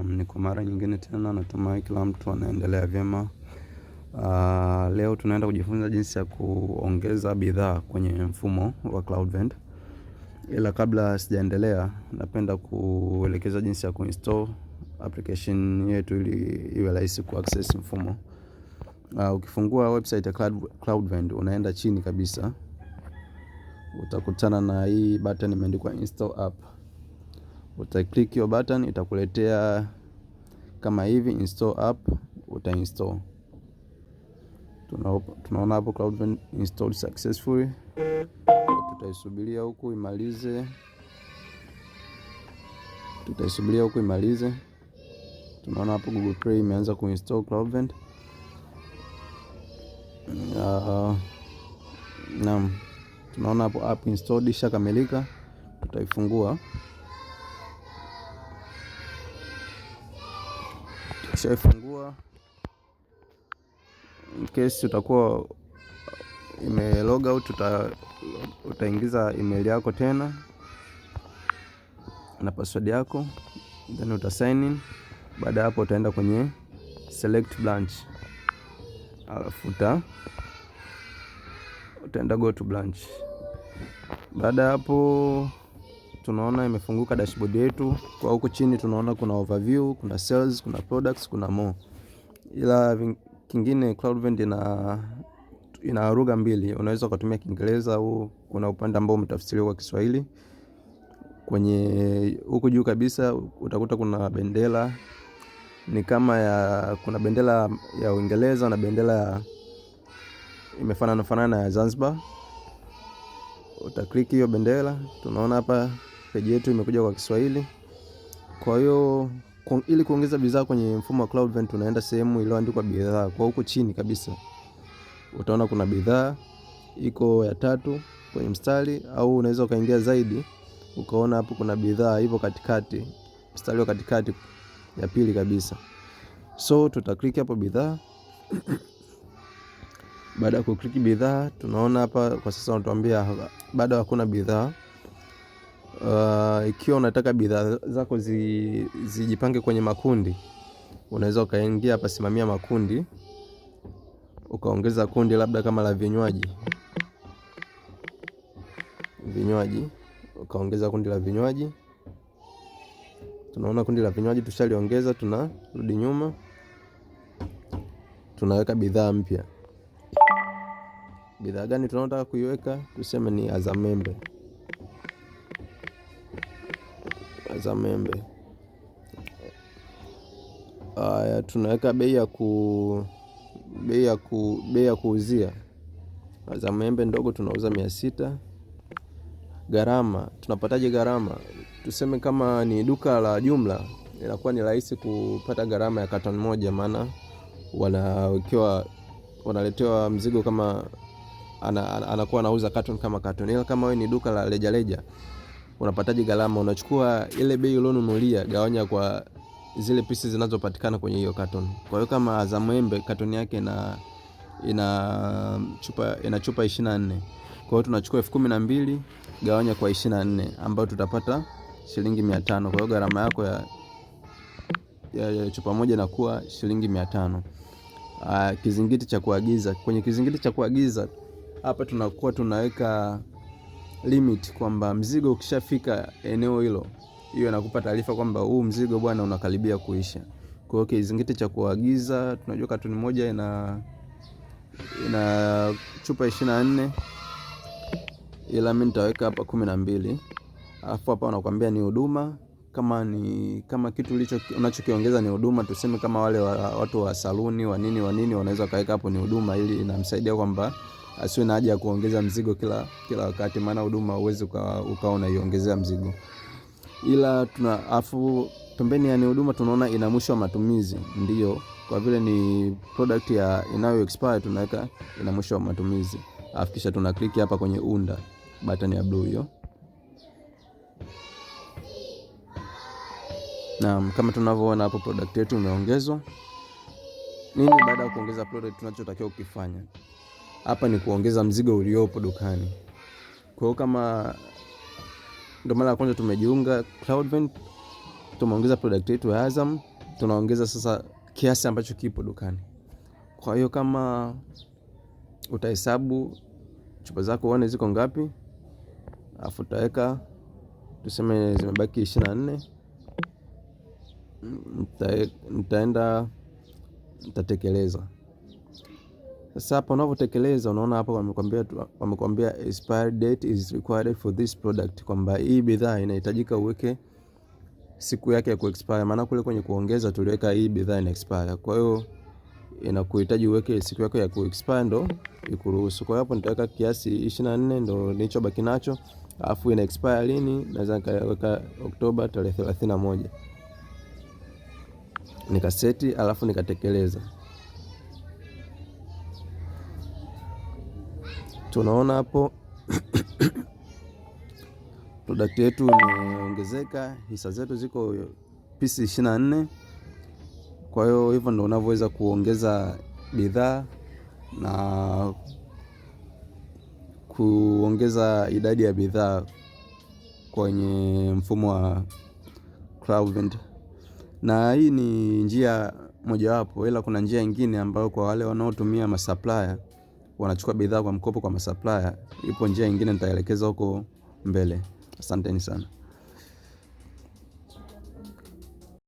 Um, ni kwa mara nyingine tena, natumai kila mtu anaendelea vyema. Uh, leo tunaenda kujifunza jinsi ya kuongeza bidhaa kwenye mfumo wa Cloudvent, ila kabla sijaendelea, napenda kuelekeza jinsi ya kuinstall application yetu ili iwe rahisi kuaccess mfumo. Uh, ukifungua website ya Cloudvent unaenda chini kabisa, utakutana na hii button imeandikwa install app uta click hiyo button itakuletea kama hivi install app, uta install. Tunaona hapo Cloudvent installed successfully. Tutaisubiria huku imalize, tutaisubiria huku imalize. Tunaona hapo Google Play imeanza kuinstall Cloudvent. Uh, naam, tunaona hapo app installed ishakamilika, tutaifungua. ukishaifungua in case utakuwa ime log out uta, utaingiza email yako tena na password yako then uta sign in. Baada hapo utaenda kwenye select branch, alafu uta utaenda go to branch. Baada hapo tunaona imefunguka dashboard yetu. Kwa huku chini tunaona kuna overview, kuna sales, kuna products, kuna more. Ila kingine Cloudvend ina ina lugha mbili, unaweza ukatumia Kiingereza au kuna upande ambao umetafsiriwa kwa Kiswahili. Kwenye huku juu kabisa utakuta kuna bendera ni kama ya kuna bendera ya Uingereza na bendera ya imefanana fanana ya Zanzibar. Utaklik hiyo bendera, tunaona hapa peji yetu imekuja kwa Kiswahili. Kwa hiyo ili kuongeza bidhaa kwenye mfumo wa Cloud Vent, unaenda sehemu iliyoandikwa bidhaa, kwa huko chini kabisa utaona kuna bidhaa iko ya tatu kwenye mstari, au unaweza ukaingia zaidi ukaona hapo kuna bidhaa ipo katikati, mstari wa katikati ya pili kabisa. So tutaklik hapo bidhaa. Baada ya kuklik bidhaa, tunaona hapa kwa sasa wanatuambia bado hakuna bidhaa. Uh, ikiwa unataka bidhaa zako zi, zijipange kwenye makundi, unaweza ukaingia hapa simamia makundi, ukaongeza kundi labda kama la vinywaji vinywaji, ukaongeza kundi la vinywaji. Tunaona kundi la vinywaji tushaliongeza, tunarudi nyuma, tunaweka bidhaa mpya. Bidhaa gani tunaotaka kuiweka? Tuseme ni azamembe. za membe. Haya, tunaweka bei ya ku bei ya ku bei ya kuuzia za membe ndogo tunauza mia sita. Gharama tunapataje gharama? Tuseme kama ni duka la jumla, inakuwa ni rahisi kupata gharama ya katoni moja, maana wanawekewa wanaletewa mzigo kama ana, anakuwa anauza katoni kama katoni, ila kama wewe ni duka la rejareja unapataje gharama? Unachukua ile bei ulionunulia, gawanya kwa zile pieces zinazopatikana kwenye hiyo carton. Kwa hiyo kama za mwembe carton yake ina ina chupa ina chupa 24. Kwa hiyo tunachukua elfu kumi na mbili gawanya kwa 24 ambayo tutapata shilingi 500. Kwa hiyo gharama yako ya, ya, ya chupa moja inakuwa shilingi 500. Uh, ah, kizingiti cha kuagiza. Kwenye kizingiti cha kuagiza hapa tunakuwa tunaweka limit kwamba mzigo ukishafika eneo hilo, hiyo inakupa taarifa kwamba huu mzigo bwana unakaribia kuisha. Kwa hiyo kizingiti cha kuagiza, tunajua katuni moja ina ina chupa 24 ila mimi nitaweka hapa kumi na mbili alafu hapa wanakuambia ni huduma kama ni kama kitu licho unachokiongeza ni huduma, tuseme kama wale wa, watu wa saluni wa nini wa nini wanaweza kaweka hapo ni huduma, ili inamsaidia kwamba asiwe na haja ya kuongeza mzigo kila, kila wakati, maana huduma uwezi ukawa unaiongezea mzigo, ila tuna afu pembeni yani huduma tunaona ina mwisho wa matumizi, ndio kwa vile ni product ya inayo expire tunaweka ina mwisho wa matumizi, afu kisha tuna click hapa kwenye unda button ya blue hiyo. Naam, kama tunavyoona hapo product yetu imeongezwa. Nini baada ya kuongeza product tunachotakiwa kukifanya? hapa ni kuongeza mzigo uliopo dukani. Kwa hiyo kama ndo mara ya kwanza tumejiunga Cloudvent, tumeongeza product yetu ya Azam, tunaongeza sasa kiasi ambacho kipo dukani. Kwa hiyo kama utahesabu chupa zako uone ziko ngapi, afu utaweka tuseme zimebaki ishirini na nne nitaenda nitatekeleza. Sasa hapa unavyotekeleza unaona hapa wamekwambia wamekwambia expiry date is required for this product, kwamba hii bidhaa inahitajika uweke siku yake ya kuexpire. Maana kule kwenye kuongeza tuliweka hii bidhaa ina expire, kwa hiyo inakuhitaji uweke siku yake ya kuexpire ndo ikuruhusu. Kwa hiyo hapo nitaweka kiasi 24 ndo nicho baki nacho, alafu ina expire lini? Naweza nikaweka Oktoba tarehe 31 nikaseti, alafu nikatekeleza. Tunaona hapo product yetu imeongezeka, hisa zetu ziko pisi 24. Kwa hiyo hivyo ndio unavyoweza kuongeza bidhaa na kuongeza idadi ya bidhaa kwenye mfumo wa cloud Na hii ni njia mojawapo, ila kuna njia nyingine ambayo kwa wale wanaotumia masupplier wanachukua bidhaa kwa mkopo kwa masupplier. Ipo njia nyingine nitaelekeza huko mbele. Asanteni sana.